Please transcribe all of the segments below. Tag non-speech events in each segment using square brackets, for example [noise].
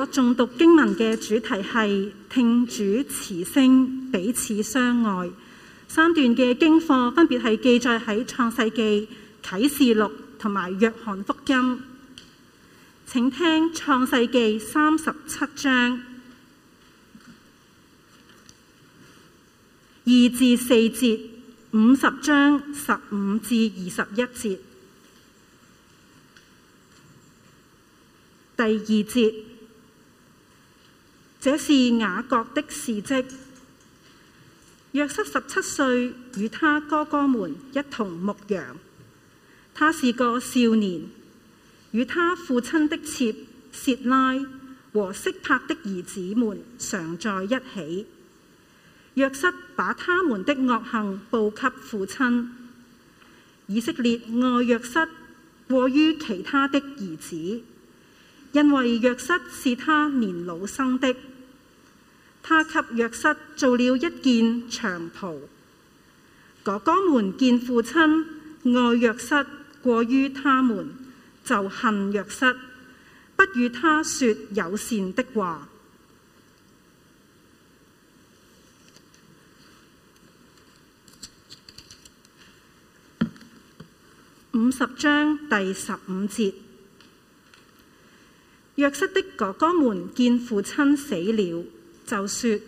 我仲讀經文嘅主題係聽主慈聲彼此相愛。三段嘅經課分別係記載喺創世記、啟示錄同埋約翰福音。請聽創世記三十七章二至四節，五十章十五至二十一節，第二節。這是雅各的事蹟。約瑟十七歲，與他哥哥們一同牧羊。他係個少年，與他父親的妾設拉和色帕的兒子們常在一起。約瑟把他們的惡行報給父親。以色列愛約瑟，過於其他的兒子，因為約瑟是他年老生的。他給約瑟做了一件長袍。哥哥們見父親愛約瑟過於他們，就恨約瑟，不與他說友善的話。五十章第十五節，約瑟的哥哥們見父親死了。就說，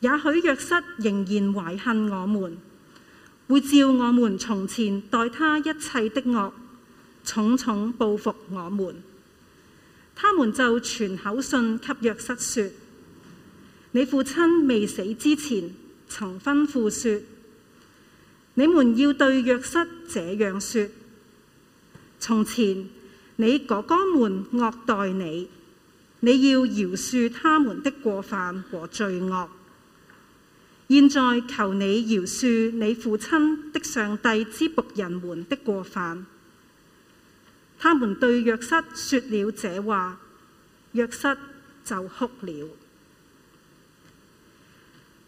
也許約瑟仍然懷恨我們，會照我們從前待他一切的惡，重重報復我們。他們就傳口信給約瑟說：你父親未死之前，曾吩咐說，你們要對約瑟這樣說：從前你哥哥們惡待你。你要饒恕他們的過犯和罪惡。現在求你饒恕你父親的上帝之僕人們的過犯。他們對約瑟説了這話，約瑟就哭了。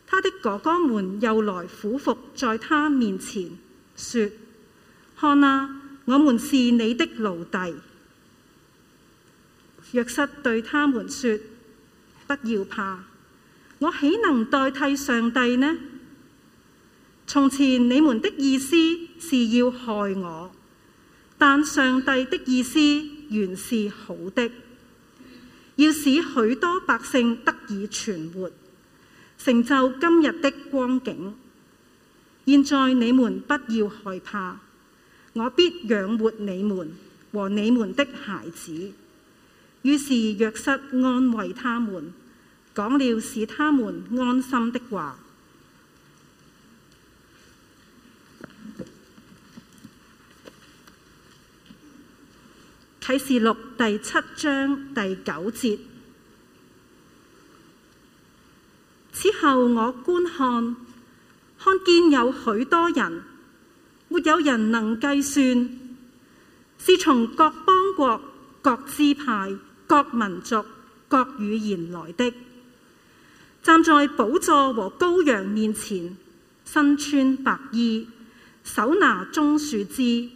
他的哥哥們又來俯伏在他面前說，説：看啊，我們是你的奴隸。約瑟對他們說：不要怕，我豈能代替上帝呢？從前你們的意思是要害我，但上帝的意思原是好的，要使許多百姓得以存活，成就今日的光景。現在你們不要害怕，我必養活你們和你們的孩子。於是約瑟安慰他們，講了使他們安心的話。啟示錄第七章第九節。此後我觀看，看見有許多人，沒有人能計算，是從各邦國、各支派。各民族、各語言來的，站在寶座和羔羊面前，身穿白衣，手拿棕樹枝，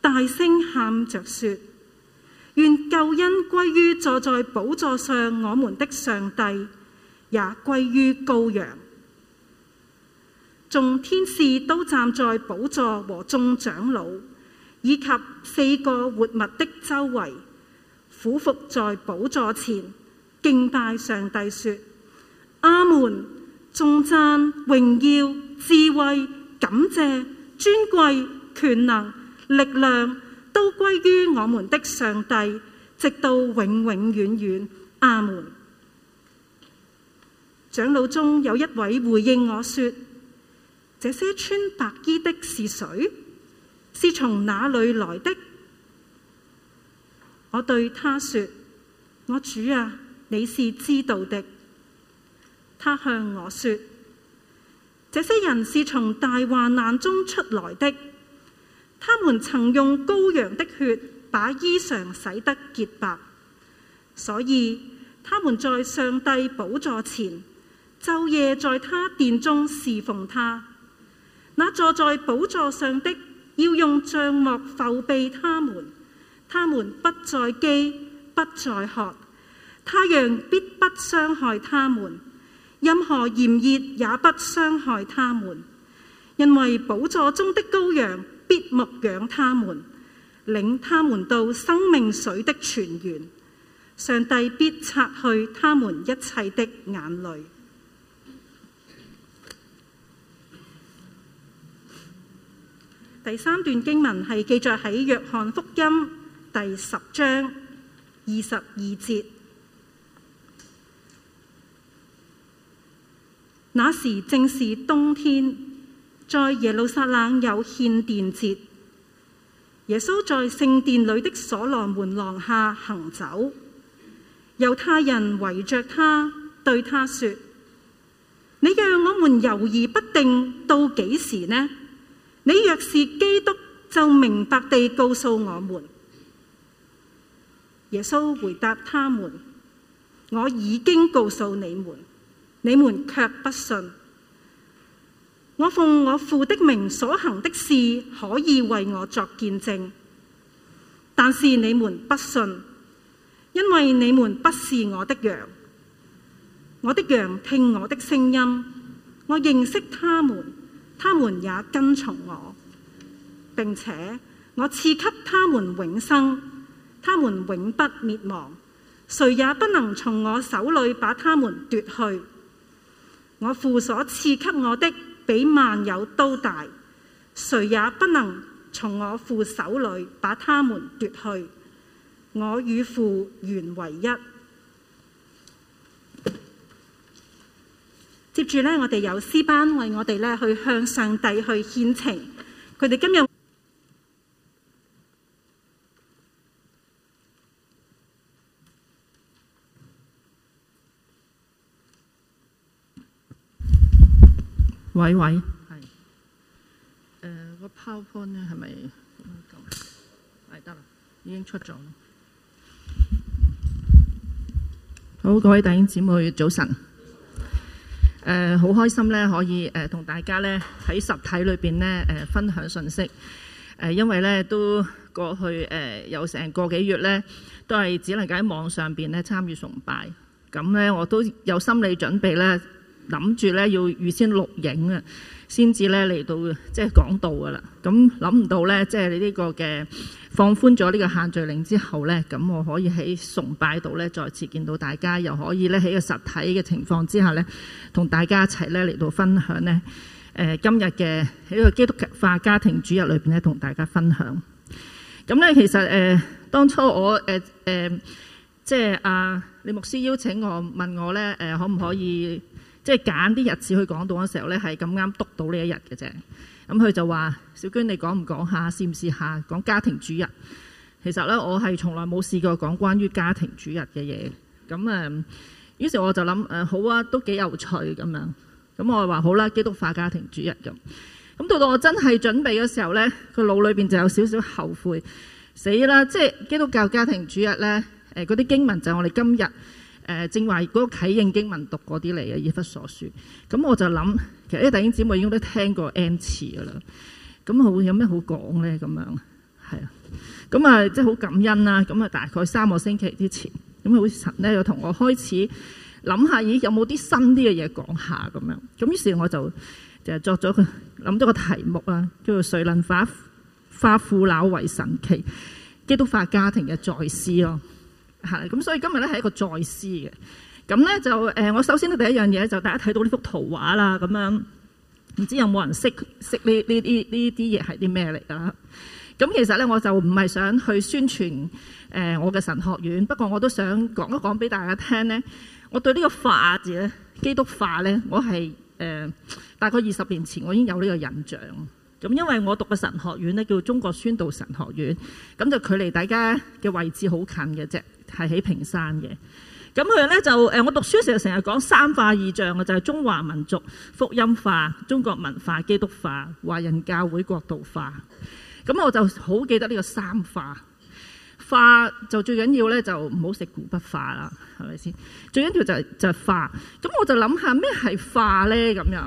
大聲喊着說：願救恩歸於坐在寶座上我們的上帝，也歸於羔羊。眾天使都站在寶座和眾長老以及四個活物的周圍。俯伏在寶座前敬拜上帝，說：阿門，頌讚、榮耀、智慧、感謝、尊貴、權能、力量，都歸於我們的上帝，直到永永遠遠。阿門。長老中有一位回應我說：這些穿白衣的是誰？是從哪裏來的？我對他說：我主啊，你是知道的。他向我說：這些人是從大患難中出來的，他們曾用羔羊的血把衣裳洗得潔白，所以他們在上帝寶座前，晝夜在他殿中侍奉他。那坐在寶座上的要用帳幕覆庇他們。他們不再飢，不再渴，太陽必不傷害他們，任何炎熱也不傷害他們，因為寶座中的羔羊必牧養他們，領他們到生命水的泉源，上帝必擦去他們一切的眼淚。第三段經文係記載喺約翰福音。第十章二十二節。那時正是冬天，在耶路撒冷有獻殿節。耶穌在聖殿裏的所羅門廊下行走，猶太人圍着他，對他說：你讓我們猶豫不定到幾時呢？你若是基督，就明白地告訴我們。耶穌回答他們：我已經告訴你們，你們卻不信。我奉我父的名所行的事，可以為我作見證。但是你們不信，因為你們不是我的羊。我的羊聽我的聲音，我認識他們，他們也跟從我，并且我賜給他們永生。他們永不滅亡，誰也不能從我手裏把他們奪去。我父所賜給我的比萬有都大，誰也不能從我父手裏把他們奪去。我與父原為一。接住呢，我哋有詩班為我哋呢去向上帝去獻情，佢哋今日。喂喂，係，誒個 PowerPoint 咧係咪？係得啦，已經出咗啦。好，各位弟兄姊妹，早晨。誒，好開心咧，可以誒同大家咧喺實體裏邊咧誒分享信息。誒，因為咧都過去誒有成個幾月咧，都係只能夠喺網上邊咧參與崇拜。咁咧，我都有心理準備咧。諗住咧要預先錄影啊，先至咧嚟到即係講道噶啦。咁諗唔到咧，即係你呢個嘅放寬咗呢個限聚令之後咧，咁我可以喺崇拜度咧再次見到大家，又可以咧喺個實體嘅情況之下咧，同大家一齊咧嚟到分享咧。誒、呃，今日嘅喺個基督化家庭主日裏邊咧，同大家分享。咁咧其實誒、呃，當初我誒誒、呃呃，即係啊，李牧師邀請我問我咧誒、呃，可唔可以？即係揀啲日子去講道嘅時候呢，係咁啱督到呢一日嘅啫。咁、嗯、佢就話：小娟，你講唔講下？試唔試下講家庭主日？其實呢，我係從來冇試過講關於家庭主日嘅嘢。咁、嗯、誒，於是我就諗誒、嗯、好啊，都幾有趣咁樣。咁、嗯、我話好啦、啊，基督化家庭主日咁。咁、嗯、到到我真係準備嘅時候呢，個腦裏邊就有少少後悔。死啦！即係基督教家庭主日呢，誒嗰啲經文就係我哋今日。誒、呃、正話嗰個啟應經文讀過啲嚟嘅《以弗所書》，咁我就諗，其實啲弟兄姊妹應該都聽過 N 次㗎喇。咁好有咩好講咧？咁樣係啊。咁啊，即係好感恩啦。咁啊，大概三個星期之前，咁、那、啊、個，好似神咧又同我開始諗下咦，有冇啲新啲嘅嘢講下咁樣。咁於是我就就作咗個諗咗個題目啊，叫做《誰能化化腐朽為神奇》，基督化家庭嘅再思咯。係咁、嗯，所以今日咧係一個再思嘅。咁、嗯、咧就誒、呃，我首先咧第一樣嘢就大家睇到呢幅圖畫啦，咁樣唔知有冇人識識呢呢啲呢啲嘢係啲咩嚟㗎？咁、嗯、其實咧我就唔係想去宣傳誒、呃、我嘅神學院，不過我都想講一講俾大家聽咧。我對個法呢個化字咧，基督化咧，我係誒、呃、大概二十年前我已經有呢個印象。咁、嗯、因為我讀嘅神學院咧叫中國宣道神學院，咁就距離大家嘅位置好近嘅啫。係喺屏山嘅，咁佢咧就誒，我讀書成日成日講三化異象嘅，就係中華民族福音化、中國文化基督化、華人教會國度化。咁我就好記得呢個三化，化就最緊要咧就唔好食古不化啦，係咪先？最緊要就就係化。咁我就諗下咩係化咧咁樣。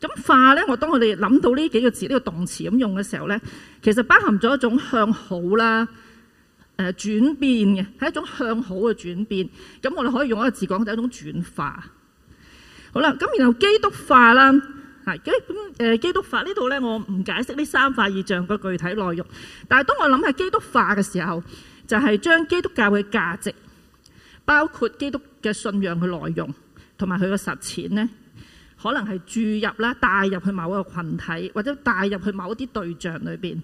咁化咧，我當我哋諗到呢幾個字呢個動詞咁用嘅時候咧，其實包含咗一種向好啦。誒、呃、轉變嘅係一種向好嘅轉變，咁我哋可以用一個字講，就係一種轉化。好啦，咁然後基督化啦，係基誒、呃、基，基督化呢度呢，我唔解釋呢三塊意象個具體內容，但係當我諗係基督化嘅時候，就係、是、將基督教嘅價值，包括基督嘅信仰嘅內容同埋佢嘅實踐呢，可能係注入啦、帶入，入去某一個群體或者帶入去某一啲對象裏邊。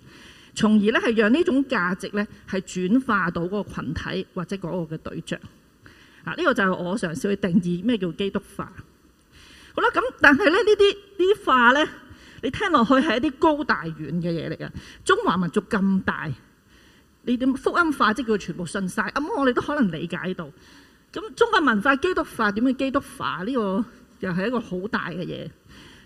從而咧係讓呢種價值咧係轉化到嗰個羣體或者嗰個嘅對象。嗱、啊、呢、這個就係我嘗試去定義咩叫基督化。好啦，咁但係咧呢啲呢啲化咧，你聽落去係一啲高大遠嘅嘢嚟㗎。中華民族咁大，你點福音化即叫佢全部信晒。咁、嗯、我哋都可能理解到。咁、嗯、中國文化基督化點樣基督化？呢、這個又係一個好大嘅嘢。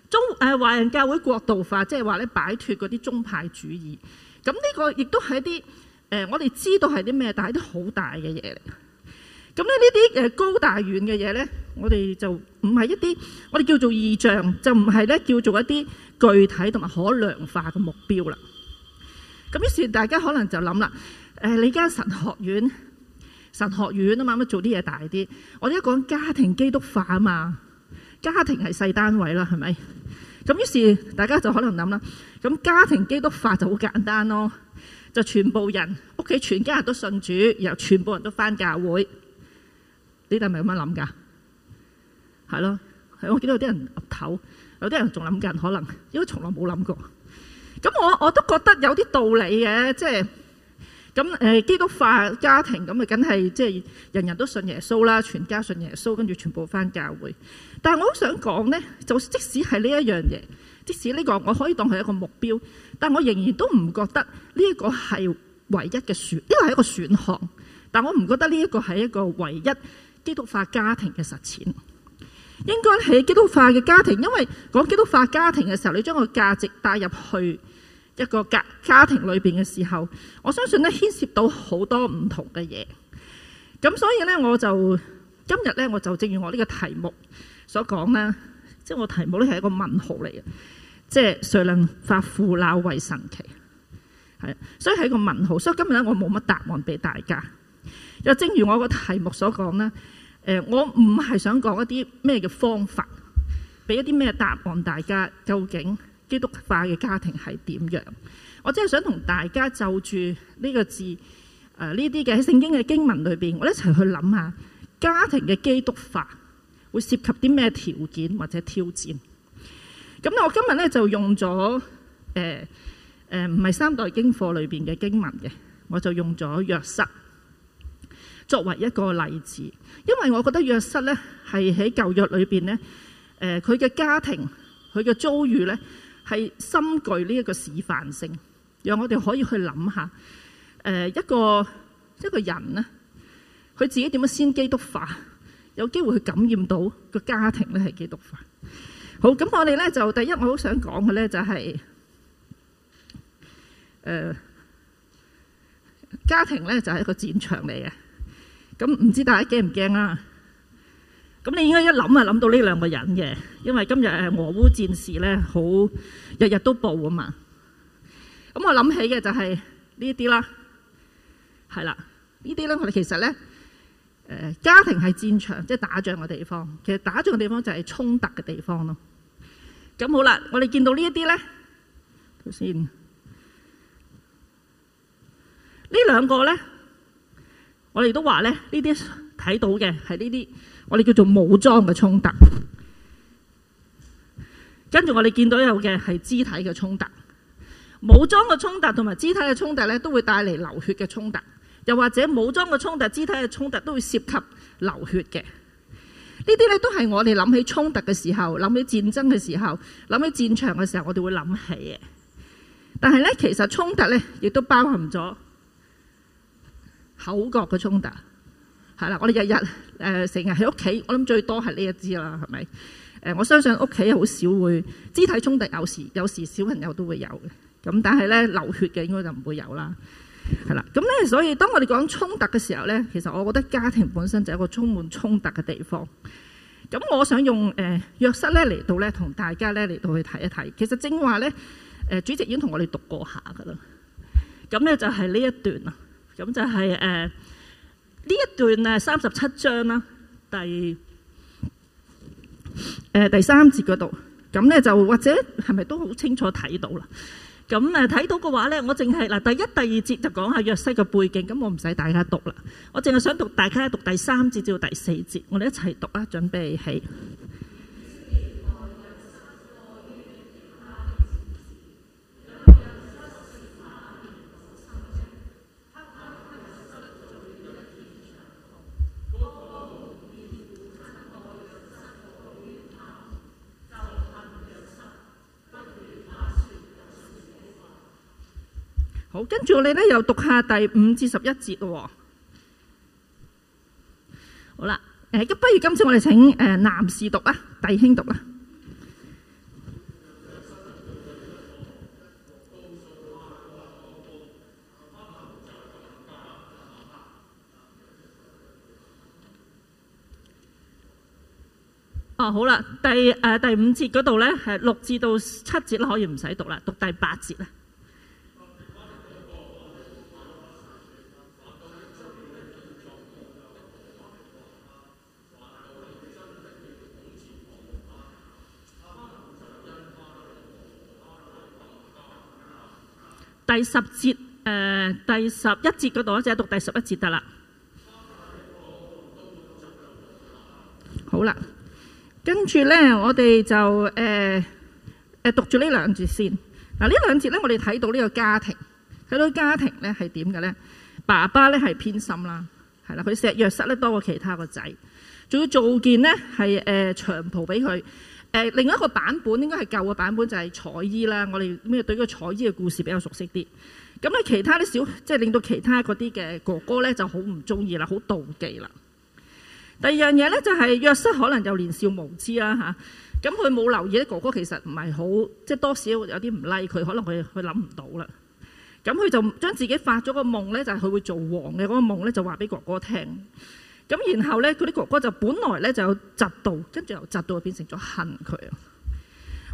中誒華、呃、人教會國度化，即係話咧擺脱嗰啲宗派主義。咁呢個亦都係一啲誒、呃，我哋知道係啲咩，但係都好大嘅嘢嚟。咁咧呢啲誒高大遠嘅嘢咧，我哋就唔係一啲，我哋叫做異象，就唔係咧叫做一啲具體同埋可量化嘅目標啦。咁、嗯、於是大家可能就諗啦，誒、呃、你間神學院，神學院啊嘛，乜做啲嘢大啲。我哋一講家庭基督教化啊嘛，家庭係細單位啦，係咪？咁、嗯、於是大家就可能諗啦。咁家庭基督化就好簡單咯，就全部人屋企全家人都信主，然後全部人都返教會，呢啲係咪咁樣諗㗎？係咯，係我見到有啲人岌頭，有啲人仲諗緊可能，因為從來冇諗過。咁我我都覺得有啲道理嘅，即係。咁誒，基督化家庭咁啊，梗係即係人人都信耶穌啦，全家信耶穌，跟住全部翻教會。但係我好想講呢，就即使係呢一樣嘢，即使呢個我可以當係一個目標，但我仍然都唔覺得呢個係唯一嘅選，呢個係一個選項。但我唔覺得呢一個係一個唯一基督化家庭嘅實踐，應該係基督化嘅家庭，因為講基督化家庭嘅時候，你將個價值帶入去。一個家，家庭裏邊嘅時候，我相信咧牽涉到好多唔同嘅嘢，咁所以咧我就今日咧我就正如我呢個題目所講啦，即係我題目咧係一個問號嚟嘅，即係誰能化腐朽為神奇，係，所以係一個問號，所以今日咧我冇乜答案俾大家。又正如我個題目所講咧，誒、呃、我唔係想講一啲咩嘅方法，俾一啲咩答案大家究竟？基督化嘅家庭係點樣？我真係想同大家就住呢個字，誒呢啲嘅喺聖經嘅經文裏邊，我一齊去諗下家庭嘅基督化會涉及啲咩條件或者挑戰。咁我今日咧就用咗誒誒唔係三代經課裏邊嘅經文嘅，我就用咗約瑟」作為一個例子，因為我覺得約瑟呢」咧係喺舊約裏邊咧，誒佢嘅家庭佢嘅遭遇咧。係深具呢一個示範性，讓我哋可以去諗下，誒一個一個人咧，佢自己點樣先基督化，有機會去感染到個家庭咧係基督化。好，咁我哋咧就第一我好想講嘅咧就係，誒家庭咧就係一個戰場嚟嘅，咁唔知大家驚唔驚啊？咁你應該一諗啊，諗到呢兩個人嘅，因為今日係俄烏戰事咧，好日日都報啊嘛。咁我諗起嘅就係呢啲啦，係啦，呢啲咧我哋其實咧，誒家庭係戰場，即係打仗嘅地方。其實打仗嘅地方就係衝突嘅地方咯。咁好啦，我哋見到呢一啲咧，頭先呢兩個咧，我哋都話咧，呢啲睇到嘅係呢啲。我哋叫做武裝嘅衝突，跟住我哋見到有嘅係肢體嘅衝突，武裝嘅衝突同埋肢體嘅衝突咧，都會帶嚟流血嘅衝突，又或者武裝嘅衝突、肢體嘅衝突都會涉及流血嘅。呢啲咧都係我哋諗起衝突嘅時候、諗起戰爭嘅時候、諗起戰場嘅時候，我哋會諗起嘅。但係咧，其實衝突咧亦都包含咗口角嘅衝突。係啦，我哋日日誒成日喺屋企，我諗最多係呢一支啦，係咪？誒、呃，我相信屋企好少會肢體衝突，有時有時小朋友都會有嘅。咁但係咧，流血嘅應該就唔會有啦。係啦，咁咧所以當我哋講衝突嘅時候咧，其實我覺得家庭本身就係一個充滿衝突嘅地方。咁我想用誒約瑟咧嚟到咧同大家咧嚟到去睇一睇。其實正話咧誒，主席已經同我哋讀過下噶啦。咁咧就係、是、呢一段啦。咁就係、是、誒。呃呢一段咧三十七章啦，第誒第三節嗰度，咁咧就或者係咪都好清楚睇到啦？咁誒睇到嘅話咧，我淨係嗱第一、第二節就講下約瑟嘅背景，咁我唔使大家讀啦，我淨係想讀大家讀第三節至到第四節，我哋一齊讀啦！準備起。好，跟住我哋咧又讀下第五至十一節喎。好啦，誒、呃、不如今次我哋請誒、呃、男士讀啊，弟兄讀啦。啊，好啦，第誒、呃、第五節嗰度咧係六至到七節啦，可以唔使讀啦，讀第八節啦。第十節誒、呃，第十一節嗰度，就係讀第十一節得啦。好啦，跟住咧，我哋就誒誒、呃、讀住呢兩節先。嗱，呢兩節咧，我哋睇到呢個家庭，睇到家庭咧係點嘅咧？爸爸咧係偏心啦，係啦，佢錫約瑟咧多過其他個仔，仲要做件咧係誒長袍俾佢。誒，另一個版本應該係舊嘅版本，就係彩衣啦。我哋咩對個彩衣嘅故事比較熟悉啲。咁咧，其他啲小，即係令到其他嗰啲嘅哥哥咧，就好唔中意啦，好妒忌啦。 [noise] 第二樣嘢咧，就係約瑟可能就年少無知啦嚇。咁佢冇留意啲哥哥其實唔係好，即係多少有啲唔 like 佢，可能佢佢諗唔到啦。咁佢就將自己發咗個夢咧，就係佢會做王嘅嗰個夢咧，就話俾哥哥聽。咁然後咧，佢啲哥哥就本來咧就有嫉妒，跟住由嫉妒變成咗恨佢。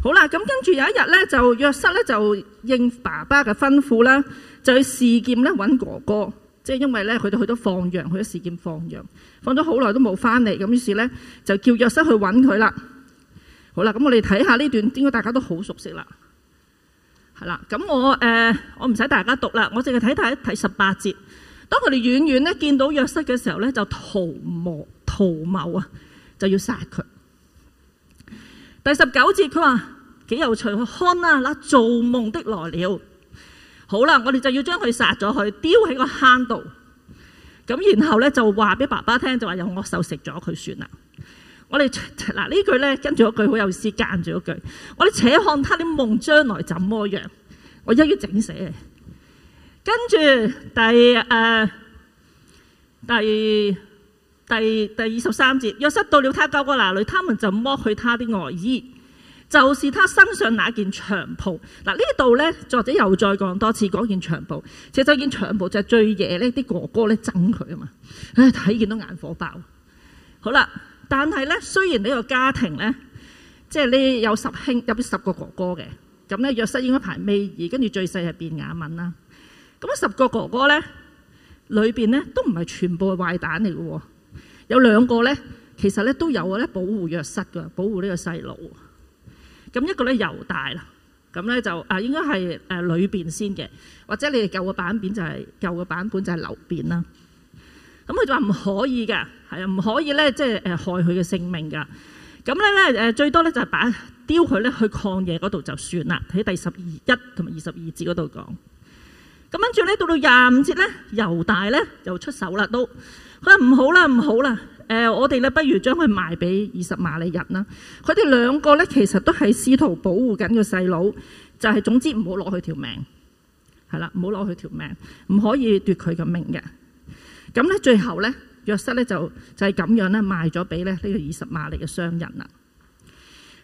好啦，咁跟住有一日咧，就約瑟咧就應爸爸嘅吩咐啦，就去試劍咧揾哥哥。即係因為咧，佢哋去咗放羊，去咗示劍放羊，放咗好耐都冇翻嚟。咁於是咧就叫約瑟去揾佢啦。好啦，咁我哋睇下呢段應該大家都好熟悉啦。係啦，咁我誒我唔使大家讀啦，我淨係睇睇第十八節。當佢哋遠遠咧見到約瑟嘅時候咧，就圖謀圖謀啊，就要殺佢。第十九節佢話：幾有趣，看啊，嗱，做夢的來了。好啦，我哋就要將佢殺咗，佢丟喺個坑度。咁然後咧就話俾爸爸聽，就話有惡獸食咗佢算啦。我哋嗱呢句咧跟住嗰句好有意思，間住嗰句，我哋且看，看他啲夢將來怎麼樣，我一於整死。跟住第誒、呃、第第第二十三節，約瑟到了他哥哥那裡，他們就剝去他的外衣，就是他身上那件長袍嗱。啊、呢度咧，作者又再講多次嗰件長袍，即係嗰件長袍就最夜呢啲哥哥咧憎佢啊嘛，唉睇見都眼火爆。好啦，但係咧，雖然呢個家庭咧，即係呢有十兄有啲十個哥哥嘅咁咧，約瑟應該排尾二跟住最細係便雅憫啦。咁十個哥哥咧，裏邊咧都唔係全部係壞蛋嚟嘅喎，有兩個咧，其實咧都有嘅咧保護弱勢㗎，保護呢個細路。咁一個咧猶大啦，咁咧就啊應該係誒裏邊先嘅，或者你哋舊嘅版本就係舊嘅版本就係流便啦。咁佢就話唔可以嘅，係啊唔可以咧，即係誒害佢嘅性命㗎。咁咧咧誒最多咧就係、是、把丟佢咧去抗嘢嗰度就算啦，喺第十二一同埋二十二節嗰度講。咁跟住咧，到到廿五節咧，猶大咧又出手啦，都佢話唔好啦，唔好啦，誒，我哋咧不如將佢賣俾以實瑪利人啦。佢哋兩個咧，其實都係試圖保護緊個細佬，就係總之唔好攞佢條命，係啦，唔好攞佢條命，唔可以奪佢個命嘅。咁咧，最後咧，約瑟咧就就係咁樣咧賣咗俾咧呢個以實瑪利嘅商人啦。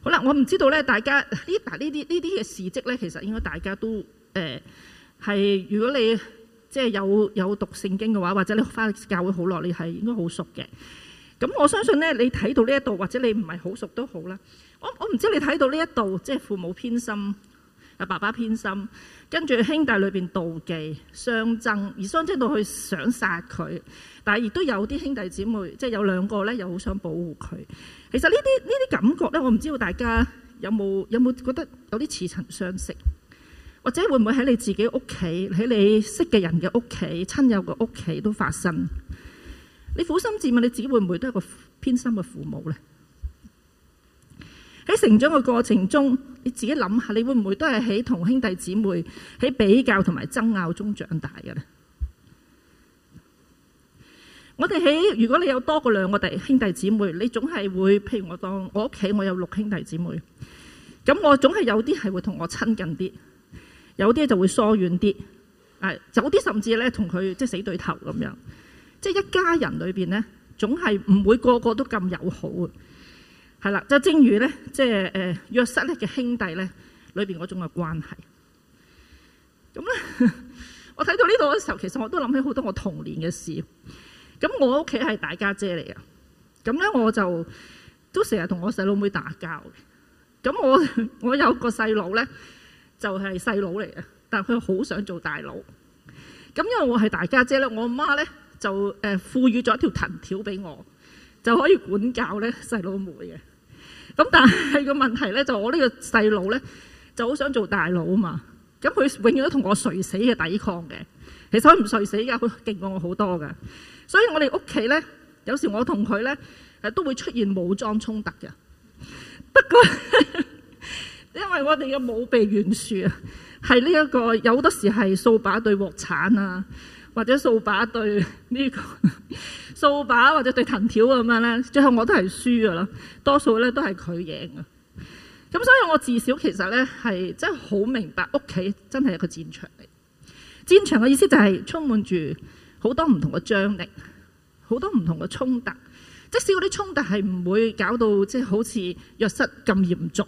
好啦，我唔知道咧，大家呢嗱呢啲呢啲嘅事蹟咧，其實應該大家都誒。係，如果你即係有有讀聖經嘅話，或者你返教會好耐，你係應該好熟嘅。咁我相信咧，你睇到呢一度，或者你唔係好熟都好啦。我我唔知你睇到呢一度，即係父母偏心，阿爸爸偏心，跟住兄弟裏邊妒忌、相爭，而相爭到去想殺佢。但係亦都有啲兄弟姊妹，即係有兩個咧，又好想保護佢。其實呢啲呢啲感覺咧，我唔知道大家有冇有冇覺得有啲似曾相識？或者會唔會喺你自己屋企，喺你識嘅人嘅屋企、親友嘅屋企都發生？你苦心自問，你自己會唔會都係一個偏心嘅父母呢？喺成長嘅過程中，你自己諗下，你會唔會都係喺同兄弟姐妹喺比較同埋爭拗中長大嘅呢？我哋喺如果你有多過兩個弟兄弟姐妹，你總係會譬如我當我屋企我有六兄弟姐妹，咁我總係有啲係會同我親近啲。有啲就會疏遠啲，誒、哎，有啲甚至咧同佢即係死對頭咁樣，即係一家人裏邊咧，總係唔會個個都咁友好嘅，係啦，就正如咧，即係誒、呃、約瑟咧嘅兄弟咧，裏邊嗰種嘅關係。咁咧，我睇到呢度嘅時候，其實我都諗起好多我童年嘅事。咁我屋企係大家姐嚟嘅，咁咧我就都成日同我細佬妹打交嘅。咁我我有個細佬咧。就係細佬嚟嘅，但係佢好想做大佬。咁因為我係大家姐咧，我阿媽咧就誒賦予咗一條藤條俾我，就可以管教咧細佬妹嘅。咁但係個問題咧，就我呢個細佬咧就好想做大佬啊嘛。咁佢永遠都同我垂死嘅抵抗嘅。其實佢唔垂死㗎，佢勁過我好多㗎。所以我哋屋企咧有時我同佢咧誒都會出現武裝衝突嘅。不過， [laughs] 因為我哋嘅武備懸殊啊、這個，係呢一個有好多時係掃把對鑊鏟啊，或者掃把對呢、這個掃把，或者對藤條咁樣咧。最後我都係輸㗎喇，多數咧都係佢贏嘅。咁所以我至少其實咧係真係好明白，屋企真係一個戰場嚟。戰場嘅意思就係充滿住好多唔同嘅張力，好多唔同嘅衝突。即使嗰啲衝突係唔會搞到即係好似浴室咁嚴重。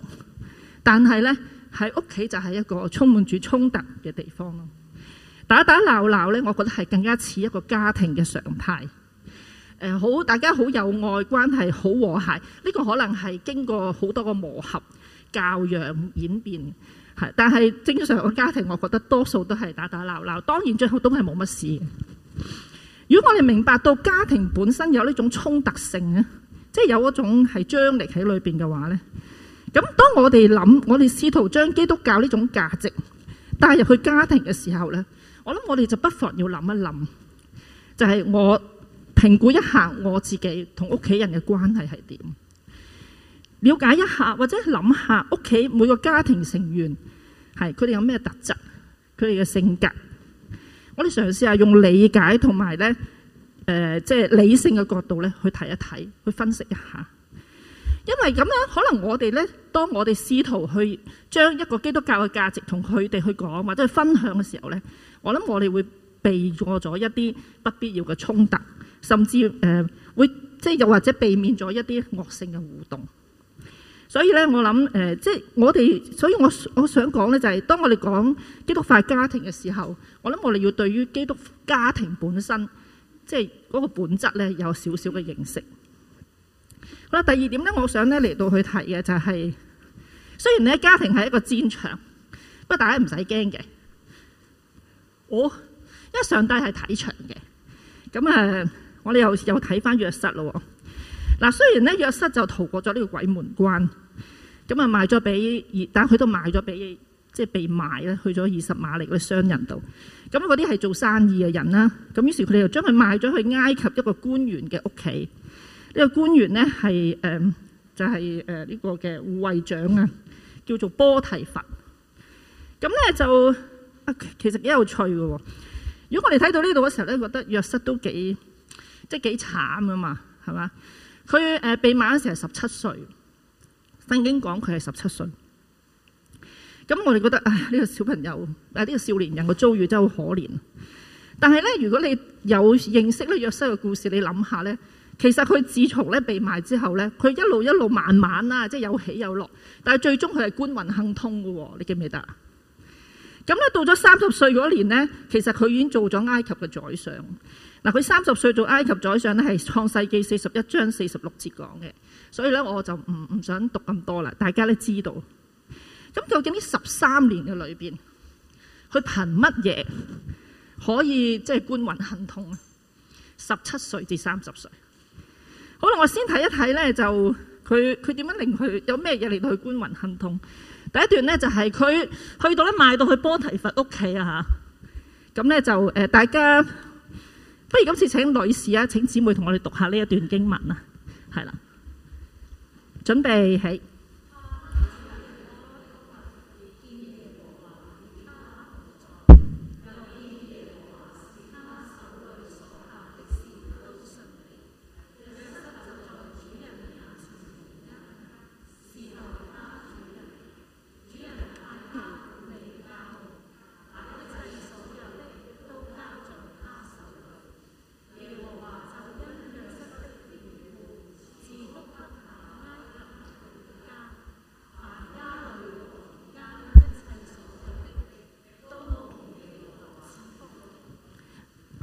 但係呢，喺屋企就係一個充滿住衝突嘅地方咯。打打鬧鬧呢，我覺得係更加似一個家庭嘅常態。誒、呃，好大家好有愛關係好和諧，呢、這個可能係經過好多個磨合、教養演變。係，但係正常嘅家庭，我覺得多數都係打打鬧鬧。當然最後都係冇乜事。如果我哋明白到家庭本身有呢種衝突性咧，即、就、係、是、有一種係張力喺裏邊嘅話呢。咁當我哋諗，我哋試圖將基督教呢種價值帶入去家庭嘅時候咧，我諗我哋就不妨要諗一諗，就係我評估一下我自己同屋企人嘅關係係點，了解一下或者諗下屋企每個家庭成員係佢哋有咩特質，佢哋嘅性格，我哋嘗試下用理解同埋咧誒，即係理性嘅角度咧去睇一睇，去分析一下。因為咁樣，可能我哋咧，當我哋試圖去將一個基督教嘅價值同佢哋去講或者去分享嘅時候咧，我諗我哋會避過咗一啲不必要嘅衝突，甚至誒、呃、會即係又或者避免咗一啲惡性嘅互動。所以咧，我諗誒、呃，即係我哋，所以我我想講咧，就係、是、當我哋講基督化家庭嘅時候，我諗我哋要對於基督家庭本身即係嗰、那個本質咧有少少嘅認識。第二點咧，我想咧嚟到去提嘅就係、是，雖然你家庭係一個戰場，不過大家唔使驚嘅。哦，因為上帝係睇長嘅睇場嘅，咁啊、呃，我哋又又睇翻約室約瑟咯。嗱、啊，雖然咧約室約瑟就逃過咗呢個鬼門關，咁啊賣咗俾二，但佢都賣咗俾即係被賣咧，去咗二十馬力嘅商人度。咁嗰啲係做生意嘅人啦，咁於是佢哋又將佢賣咗去埃及一個官員嘅屋企。呢個官員咧係誒就係誒呢個嘅護衛長啊，叫做波提佛。咁咧就啊、呃，其實幾有趣嘅喎、哦。如果我哋睇到呢度嘅時候咧，覺得約瑟都幾即係幾慘嘅嘛，係嘛？佢誒、呃、被賣嗰時係十七歲，聖經講佢係十七歲。咁我哋覺得啊，呢、這個小朋友啊，呢、呃這個少年人嘅遭遇真係好可憐。但係咧，如果你有認識呢約瑟嘅故事，你諗下咧。其實佢自從咧被賣之後咧，佢一路一路慢慢啦，即係有起有落。但係最終佢係官運亨通嘅喎，你記唔記得啊？咁咧到咗三十歲嗰年咧，其實佢已經做咗埃及嘅宰相。嗱，佢三十歲做埃及宰相咧，係創世記四十一章四十六節講嘅，所以咧我就唔唔想讀咁多啦。大家都知道咁，究竟呢十三年嘅裏邊，佢憑乜嘢可以即係官運亨通啊？十七歲至三十歲。好喇，我先睇一睇呢，就佢佢點樣令佢有咩嘢令佢官運亨通？第一段呢，就係、是、佢去到呢賣到去波提佛屋企啊嚇，咁呢，就誒、呃、大家，不如今次請女士啊，請姊妹同我哋讀下呢一段經文啊，係啦，準備起。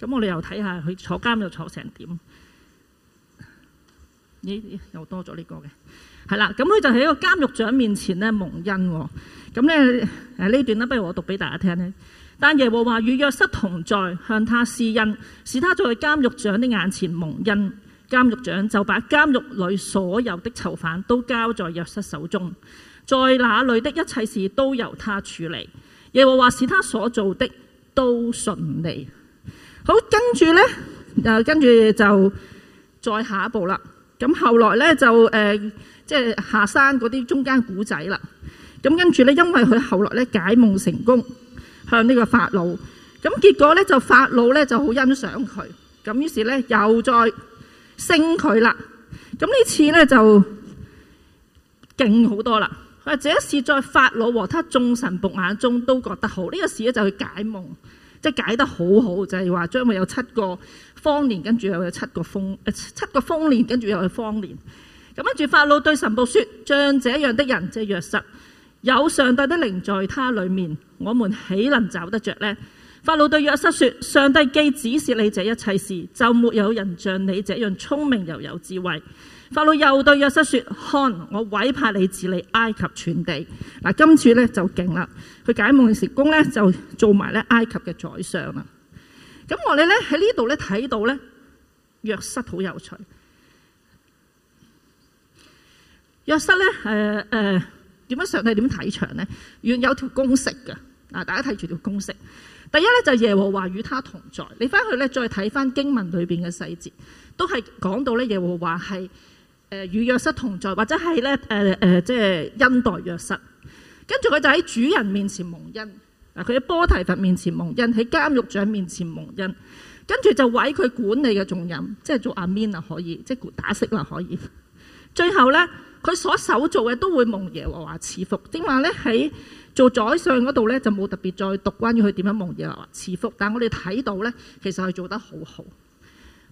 咁我哋又睇下佢坐監又坐成點？咦咦，又多咗呢個嘅，係啦。咁佢就喺個監獄長面前咧蒙恩喎。咁咧誒呢段咧，不如我讀俾大家聽咧。但耶和華與約瑟同在，向他施恩，使他在監獄長的眼前蒙恩。監獄長就把監獄裡所有的囚犯都交在約瑟手中，在那裡的一切事都由他處理。耶和華使他所做的都順利。好，跟住呢，呃，跟住就再下一步啦。咁後來呢，就誒，即係下山嗰啲中間古仔啦。即解得好好，就係話將會有七個荒年，跟住又有七個豐、呃、七個豐年跟住又係荒年。咁跟住法老對臣僕説：像這樣的人即約瑟，有上帝的靈在他裡面，我們豈能找得着呢？法老對約瑟説：上帝既指示你這一切事，就沒有人像你這樣聰明又有智慧。法老又對約瑟說：看，我委派你治理埃及全地。嗱，今次咧就勁啦，佢解夢成功咧就做埋咧埃及嘅宰相啦。咁我哋咧喺呢度咧睇到咧約瑟好有趣。約瑟咧誒誒點樣上帝點睇場咧？原有條公式嘅，嗱，大家睇住條公式。第一咧就耶和華與他同在。你翻去咧再睇翻經文裏邊嘅細節，都係講到咧耶和華係。誒與、呃、約瑟同在，或者係咧誒誒，即係恩待約瑟。跟住佢就喺主人面前蒙恩，嗱，佢喺波提佛面前蒙恩，喺監獄長面前蒙恩。跟住就委佢管理嘅重任，即係做阿 min 啊可以，即係打色啦可以。最後咧，佢所手做嘅都會蒙耶和華賜福。正話咧，喺做宰相嗰度咧，就冇特別再讀關於佢點樣蒙耶和華賜福，但係我哋睇到咧，其實佢做得好好。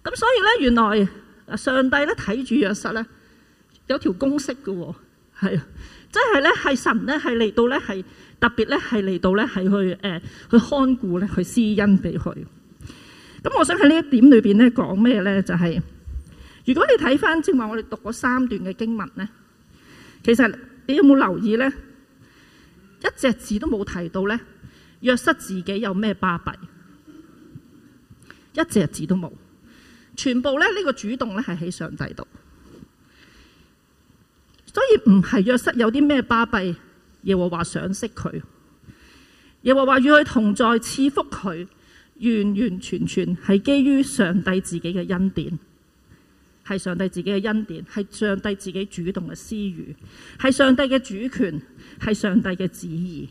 咁所以咧，原來。上帝咧睇住約瑟咧，有條公式嘅喎、哦，係，即係咧係神咧係嚟到咧係特別咧係嚟到咧係去誒、呃、去看顧咧去施恩俾佢。咁我想喺呢一點裏邊咧講咩咧？就係、是、如果你睇翻正話我哋讀嗰三段嘅經文咧，其實你有冇留意咧一隻字都冇提到咧約瑟自己有咩巴閉，一隻字都冇。全部咧，呢、這個主動咧係喺上帝度，所以唔係約瑟有啲咩巴閉，耶和華賞識佢，耶和華與佢同在賜福佢，完完全全係基於上帝自己嘅恩典，係上帝自己嘅恩典，係上帝自己主動嘅施予，係上帝嘅主權，係上帝嘅旨意，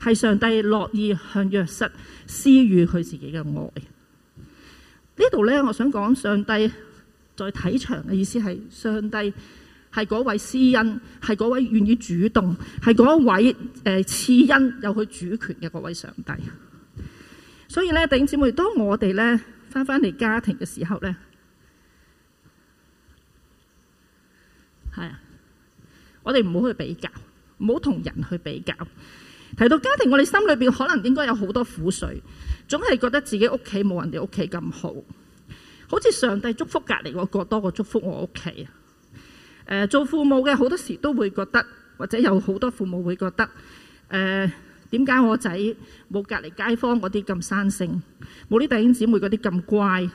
係上帝樂意向約瑟施予佢自己嘅愛。呢度咧，我想講上帝在體場嘅意思係上帝係嗰位施恩，係嗰位願意主動，係嗰位誒賜、呃、恩有佢主權嘅嗰位上帝。所以咧，弟兄姊妹，當我哋咧翻返嚟家庭嘅時候咧，係啊，我哋唔好去比較，唔好同人去比較。提到家庭，我哋心裏邊可能應該有好多苦水。總係覺得自己屋企冇人哋屋企咁好，好似上帝祝福隔離嗰個多過祝福我屋企、呃。做父母嘅好多時都會覺得，或者有好多父母會覺得，誒，點解我仔冇隔離街坊嗰啲咁生性，冇啲弟兄姊妹嗰啲咁乖，誒、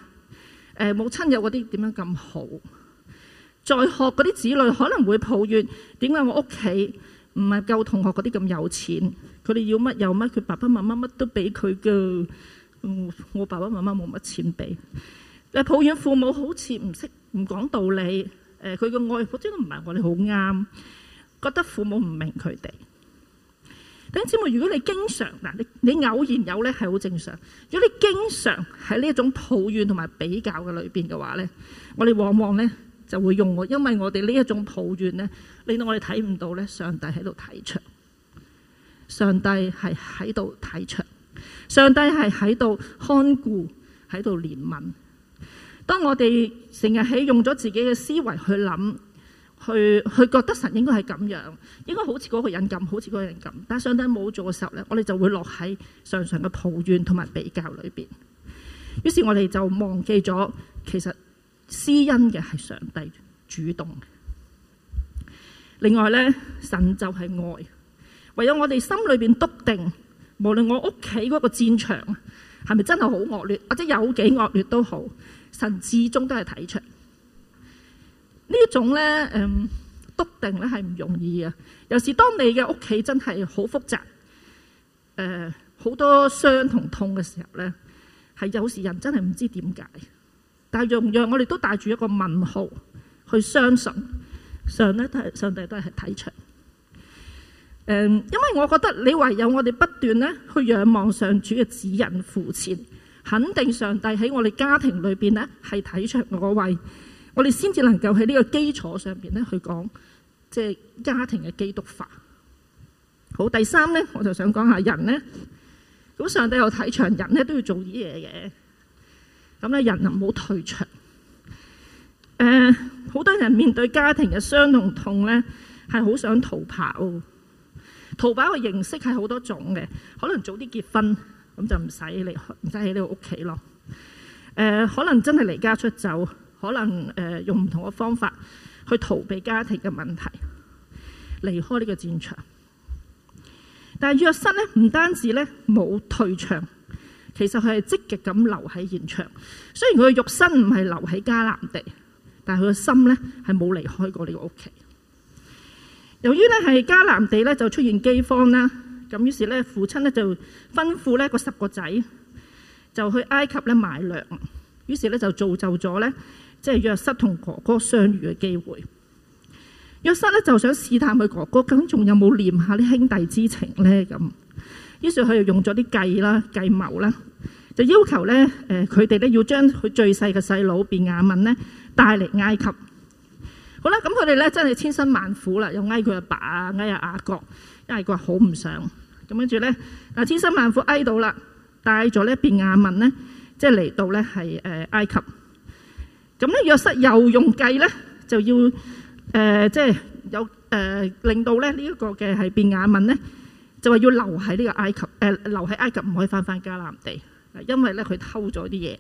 呃、冇親友嗰啲點樣咁好，在學嗰啲子女可能會抱怨點解我屋企唔係夠同學嗰啲咁有錢。佢哋要乜有乜，佢爸爸媽媽乜都俾佢噶。我爸爸媽媽冇乜錢俾，你抱怨父母好似唔識唔講道理。誒、呃，佢嘅愛，或者都唔係我哋好啱，覺得父母唔明佢哋。等姊妹，如果你經常嗱，你你偶然有咧係好正常。如果你經常喺呢一種抱怨同埋比較嘅裏邊嘅話咧，我哋往往咧就會用我，因為我哋呢一種抱怨咧，令到我哋睇唔到咧上帝喺度睇著，上帝係喺度睇察，上帝係喺度看顧，喺度憐憫。當我哋成日喺用咗自己嘅思維去諗，去去覺得神應該係咁樣，應該好似嗰個人噉，好似嗰個人噉。但係上帝冇做嘅時候咧，我哋就會落喺常常嘅抱怨同埋比較裏邊。於是我哋就忘記咗，其實施恩嘅係上帝主動。另外咧，神就係愛。唯有我哋心裏邊篤定，無論我屋企嗰個戰場係咪真係好惡劣，或者有幾惡劣都好，神至終都係睇場。種呢種咧，嗯，篤定咧係唔容易嘅。尤其是當你嘅屋企真係好複雜，誒、呃、好多傷同痛嘅時候咧，係有時人真係唔知點解。但係容唔容，我哋都帶住一個問號去相信，神咧都係上帝都係睇場。嗯、因為我覺得你唯有我哋不斷咧去仰望上主嘅指引，扶持，肯定上帝喺我哋家庭裏邊咧係睇出我位，我哋先至能夠喺呢個基礎上邊咧去講，即係家庭嘅基督化。好，第三咧我就想講下人咧，咁上帝有睇場人咧都要做啲嘢嘅，咁咧人又唔好退場。誒、呃，好多人面對家庭嘅傷同痛咧係好想逃跑，哦。逃跑嘅形式係好多種嘅，可能早啲結婚，咁就唔使離開，唔使喺呢個屋企咯。誒、呃，可能真係離家出走，可能誒、呃、用唔同嘅方法去逃避家庭嘅問題，離開呢個戰場。但係約瑟咧，唔單止咧冇退場，其實佢係積極咁留喺現場。雖然佢嘅肉身唔係留喺迦南地，但係佢嘅心咧係冇離開過呢個屋企。由於咧係迦南地咧就出現饑荒啦，咁於是咧父親咧就吩咐咧個十個仔就去埃及咧買糧，於是咧就造就咗咧即係約瑟同哥哥相遇嘅機會。約瑟咧就想試探佢哥哥，咁仲有冇念下啲兄弟之情咧？咁於是佢就用咗啲計啦、計謀啦，就要求咧誒佢哋咧要將佢最細嘅細佬便雅憫咧帶嚟埃及。好啦，咁佢哋咧真係千辛萬苦啦，又哀佢阿爸啊，哀阿雅各，因為佢話好唔想，咁跟住咧嗱千辛萬苦哀到啦，帶咗咧便雅憫咧，即係嚟到咧係誒埃及，咁咧約瑟又用計咧，就要誒即係有誒令到咧呢一個嘅係便雅憫咧，就話要留喺呢個埃及誒留喺埃及唔可以翻返迦南地，因為咧佢偷咗啲嘢。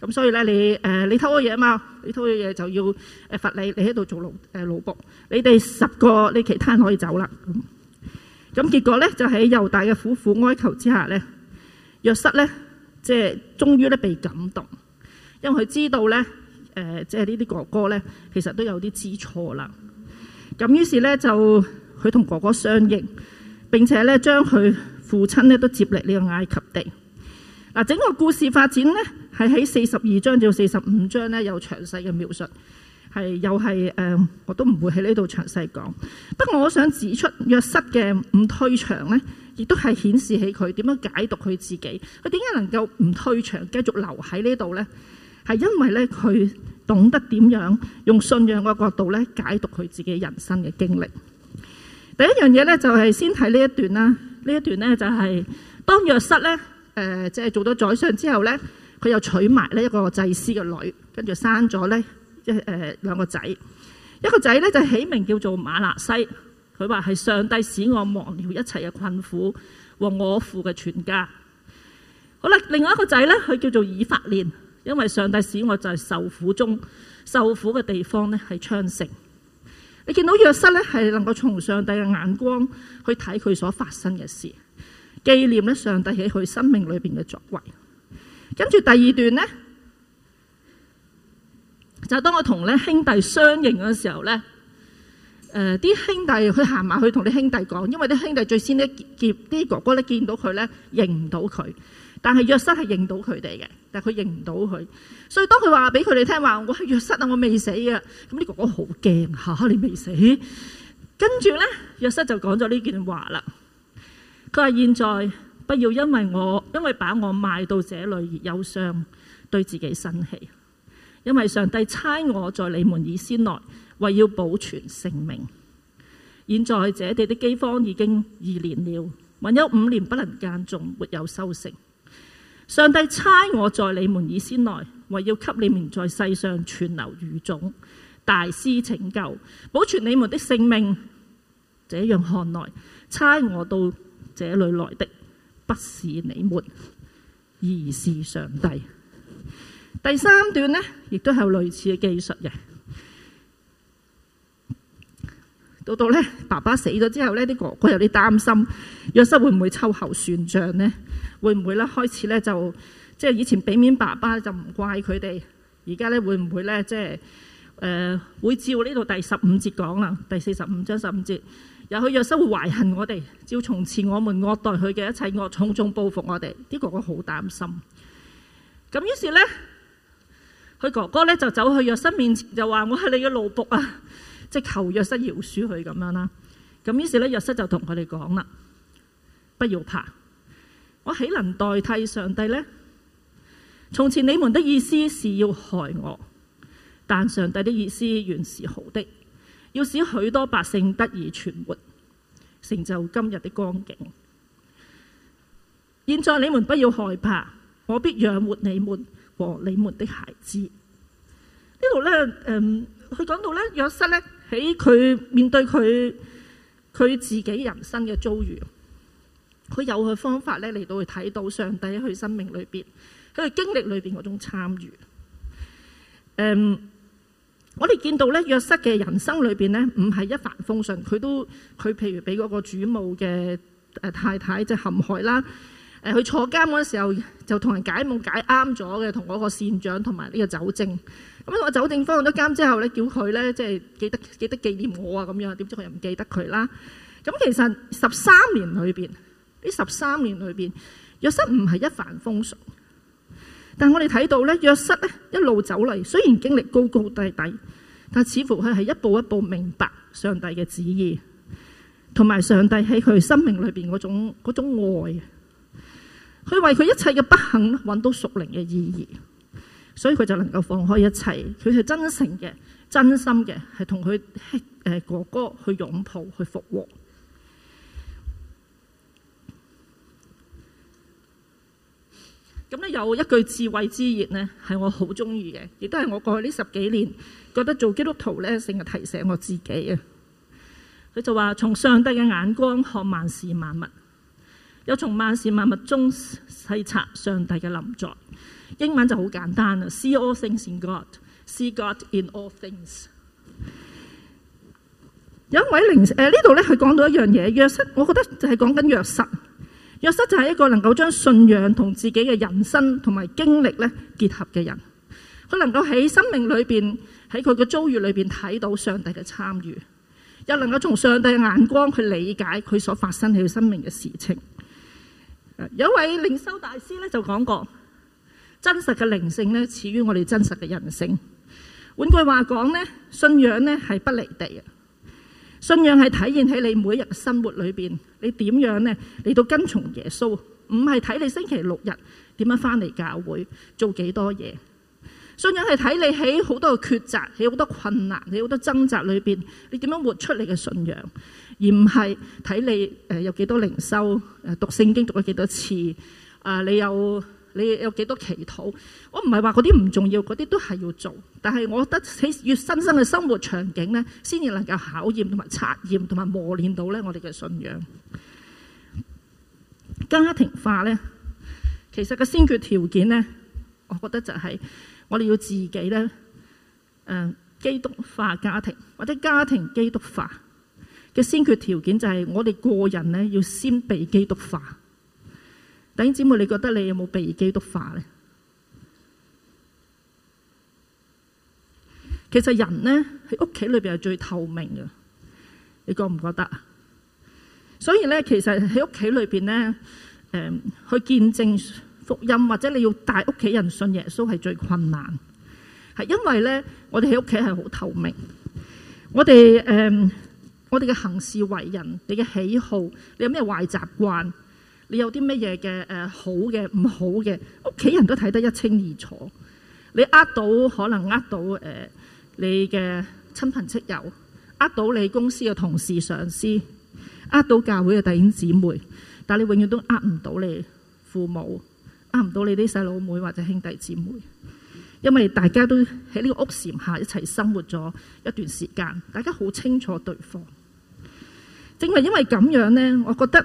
咁所以咧，你誒你偷嘢啊嘛？你偷嘢就要誒罰你，你喺度做奴誒奴僕。你哋十個你其他人可以走啦。咁咁結果咧，就喺猶大嘅苦苦哀求之下咧，約瑟咧即係終於咧被感動，因為佢知道咧誒即係呢啲哥哥咧其實都有啲知錯啦。咁於是咧就佢同哥哥相認，並且咧將佢父親咧都接嚟呢個埃及地。整個故事發展呢，係喺四十二章至四十五章呢，有詳細嘅描述，係又係誒、呃，我都唔會喺呢度詳細講。不過我想指出，約瑟嘅唔退場呢，亦都係顯示起佢點樣解讀佢自己。佢點解能夠唔退場，繼續留喺呢度呢？係因為呢，佢懂得點樣用信仰嘅角度呢解讀佢自己人生嘅經歷。第一樣嘢呢，就係、是、先睇呢一段啦。呢一段呢，就係、是、當約瑟呢。誒、呃，即係做咗宰相之後呢，佢又娶埋呢一個祭司嘅女，跟住生咗呢即係誒兩個仔。一個仔呢就起名叫做馬拿西，佢話係上帝使我忘了一切嘅困苦和我父嘅全家。好啦，另外一個仔呢，佢叫做以法蓮，因為上帝使我就係受苦中受苦嘅地方呢係昌盛。你見到約瑟呢係能夠從上帝嘅眼光去睇佢所發生嘅事，紀念咧，上帝喺佢生命裡面嘅作為。跟住第二段呢，佢話：現在不要因為我，因為把我賣到這裏而憂傷，對自己生氣。因為上帝差我在你們以先來，為要保存性命。現在這地的饑荒已經二年了，還有五年不能耕種，沒有收成。上帝差我在你們以先來，為要給你們在世上存留餘種，大施拯救，保存你們的性命。這樣看來，差我到這裏來的不是你們，而是上帝。第三段呢，亦都係類似嘅技術嘅。到到呢，爸爸死咗之後呢，啲哥哥有啲擔心，約瑟會唔會秋後算賬呢？會唔會咧開始呢，就即係以前俾面爸爸就唔怪佢哋，而家呢，會唔會呢？即係誒、呃、會照呢度第十五節講啦，第四十五章十五節。又去約瑟會懷恨我哋，照從前我們惡待佢嘅一切惡，惡重重報復我哋。啲哥哥好擔心。咁於是呢，佢哥哥咧就走去約瑟面前，就話：我係你嘅奴僕啊，即係求約瑟饒恕佢咁樣啦。咁於是咧，約瑟就同佢哋講啦：不要怕，我豈能代替上帝呢？從前你們的意思是要害我，但上帝的意思原是好的。要使許多百姓得以存活，成就今日的光景。現在你們不要害怕，我必養活你們和你們的孩子。呢度咧，嗯，佢講到咧，約瑟咧喺佢面對佢佢自己人生嘅遭遇，佢有佢方法咧嚟到去睇到上帝喺佢生命裏邊，喺佢經歷裏邊嗰種參與，嗯。我哋見到咧約瑟嘅人生裏邊咧，唔係一帆風順。佢都佢譬如俾嗰個主母嘅誒太太即係陷害啦。誒，佢坐監嗰時候就同人解夢解啱咗嘅，同嗰個膳長同埋呢個酒政。咁啊，酒政放咗監之後咧，叫佢咧即係記得記得紀念我啊咁樣。點知佢又唔記得佢啦。咁其實十三年裏邊，呢十三年裏邊，約瑟唔係一帆風順。但我哋睇到咧，約瑟咧一路走嚟，雖然經歷高高低低，但似乎佢係一步一步明白上帝嘅旨意，同埋上帝喺佢生命裏邊嗰種嗰種愛，佢為佢一切嘅不幸咧揾到屬靈嘅意義，所以佢就能夠放開一切。佢係真誠嘅，真心嘅，係同佢誒哥哥去擁抱去復活。咁咧有一句智慧之言咧，係我好中意嘅，亦都係我過去呢十幾年覺得做基督徒咧，成日提醒我自己嘅。佢就話：從上帝嘅眼光看萬事萬物，又從萬事萬物中細察上帝嘅臨在。英文就好簡單啦，See all things in God, see God in all things。有一位靈，誒呢度咧係講到一樣嘢，約瑟，我覺得就係講緊約瑟。約瑟就係一個能夠將信仰同自己嘅人生同埋經歷咧結合嘅人，佢能夠喺生命裏面喺佢嘅遭遇裏面睇到上帝嘅參與，又能夠從上帝嘅眼光去理解佢所發生喺佢生命嘅事情。有一位靈修大師咧就講過，真實嘅靈性呢，始於我哋真實嘅人性。換句話講呢，信仰呢係不離地啊。信仰係體現喺你每日嘅生活裏面，你點樣呢嚟到跟從耶穌？唔係睇你星期六日點樣翻嚟教會做幾多嘢。信仰係睇你喺好多抉擇、喺好多困難、喺好多掙扎裏面，你點樣活出你嘅信仰，而唔係睇你誒有幾多靈修，誒讀聖經讀咗幾多次啊？你有。你有幾多祈禱？我唔係話嗰啲唔重要，嗰啲都係要做。但係我覺得喺越新生嘅生活場景咧，先至能夠考驗同埋察驗同埋磨練到咧我哋嘅信仰。家庭化咧，其實嘅先決條件咧，我覺得就係我哋要自己咧，誒、呃，基督化家庭或者家庭基督化嘅先決條件就係我哋個人咧要先被基督化。弟兄姊妹，你覺得你有冇被基督化呢？其實人呢喺屋企裏邊係最透明嘅，你覺唔覺得啊？所以呢，其實喺屋企裏邊呢，誒，去見證福音或者你要帶屋企人信耶穌係最困難，係因為呢，我哋喺屋企係好透明，我哋誒，我哋嘅行事為人，你嘅喜好，你有咩壞習慣？你有啲乜嘢嘅誒好嘅唔好嘅，屋企人都睇得一清二楚。你呃到可能呃到誒你嘅親朋戚友，呃到你公司嘅同事上司，呃到教會嘅弟兄姊妹。但係你永遠都呃唔到你父母，呃唔到你啲細佬妹或者兄弟姊妹，因為大家都喺呢個屋檐下一齊生活咗一段時間，大家好清楚對方。正因為因為咁樣呢，我覺得。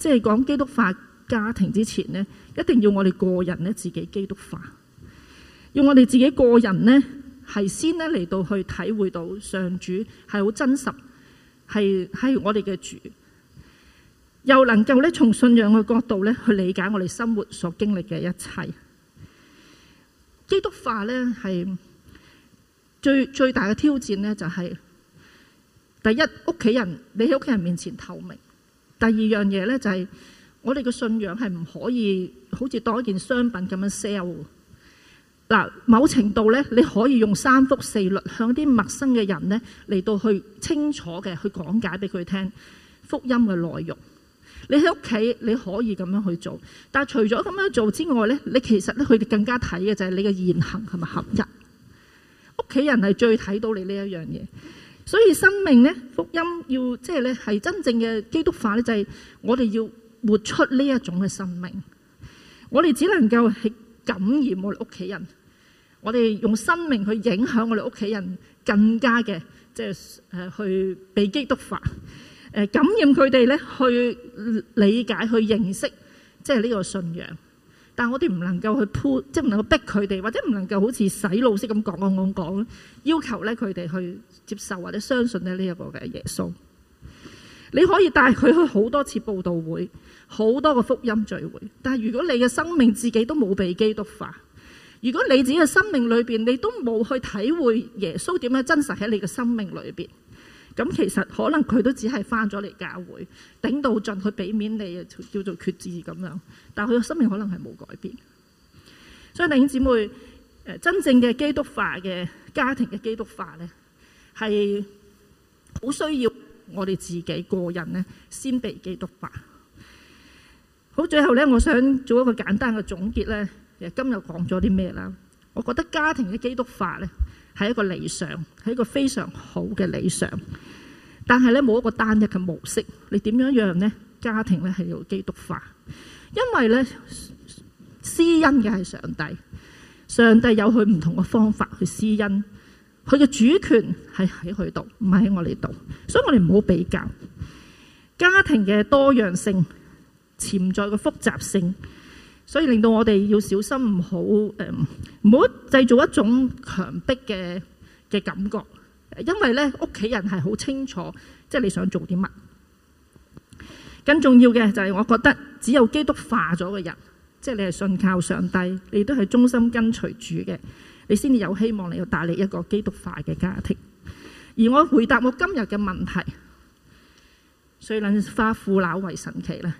即係講基督化家庭之前呢，一定要我哋個人呢自己基督化，用我哋自己個人呢，係先呢嚟到去體會到上主係好真實，係係我哋嘅主，又能夠呢從信仰嘅角度呢去理解我哋生活所經歷嘅一切。基督化呢係最最大嘅挑戰呢，就係第一屋企人，你喺屋企人面前透明。第二樣嘢咧就係，我哋嘅信仰係唔可以好似當一件商品咁樣 sell。嗱，某程度咧，你可以用三福四律向啲陌生嘅人咧嚟到去清楚嘅去講解俾佢聽福音嘅內容。你喺屋企你可以咁樣去做，但係除咗咁樣做之外咧，你其實咧佢哋更加睇嘅就係你嘅言行係咪合一？屋企人係最睇到你呢一樣嘢。所以生命呢，福音要即係呢，係真正嘅基督化呢，就係、是、我哋要活出呢一種嘅生命。我哋只能夠係感染我哋屋企人，我哋用生命去影響我哋屋企人，更加嘅即係誒、呃、去被基督化，誒、呃、感染佢哋呢，去理解、去認識，即係呢個信仰。但我哋唔能夠去 push，即係唔能夠逼佢哋，或者唔能夠好似洗腦式咁講講講，要求咧佢哋去接受或者相信咧呢一個嘅耶穌。你可以帶佢去好多次佈道會，好多個福音聚會，但係如果你嘅生命自己都冇被基督化，如果你自己嘅生命裏邊你都冇去體會耶穌點樣真實喺你嘅生命裏邊。咁其實可能佢都只係翻咗嚟教會，頂到盡去俾面你啊，叫做決志咁樣。但係佢嘅生命可能係冇改變。所以弟兄姊妹，誒真正嘅基督化嘅家庭嘅基督化咧，係好需要我哋自己個人咧先被基督化。好，最後咧，我想做一個簡單嘅總結咧，其實今日講咗啲咩啦？我覺得家庭嘅基督化咧。係一個理想，係一個非常好嘅理想，但係咧冇一個單一嘅模式。你點樣讓呢家庭咧係要基督化，因為咧施恩嘅係上帝，上帝有佢唔同嘅方法去施恩，佢嘅主權係喺佢度，唔係喺我哋度，所以我哋唔好比較。家庭嘅多樣性、潛在嘅複雜性。所以令到我哋要小心，唔好誒，唔好製造一種強迫嘅嘅感覺，因為咧屋企人係好清楚，即係你想做啲乜。更重要嘅就係我覺得，只有基督化咗嘅人，即係你係信靠上帝，你都係忠心跟隨主嘅，你先至有希望你要帶嚟一個基督化嘅家庭。而我回答我今日嘅問題，誰能化腐朽為神奇咧？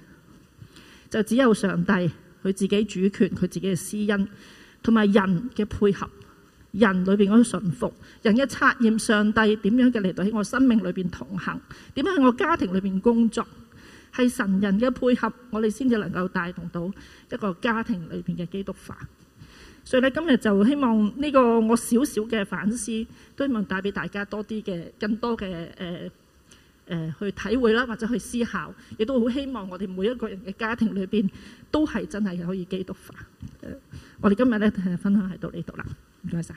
就只有上帝。佢自己主權，佢自己嘅私恩，同埋人嘅配合，人裏邊嗰個順服，人嘅察驗上帝點樣嘅嚟到喺我生命裏邊同行，點樣喺我家庭裏邊工作，係神人嘅配合，我哋先至能夠帶動到一個家庭裏邊嘅基督化。所以咧，今日就希望呢、這個我少少嘅反思，都希望帶俾大家多啲嘅更多嘅誒。呃誒、呃、去體會啦，或者去思考，亦都好希望我哋每一個人嘅家庭裏邊都係真係可以基督化。誒、呃，我哋今日咧、呃、就分享係到呢度啦，唔該晒。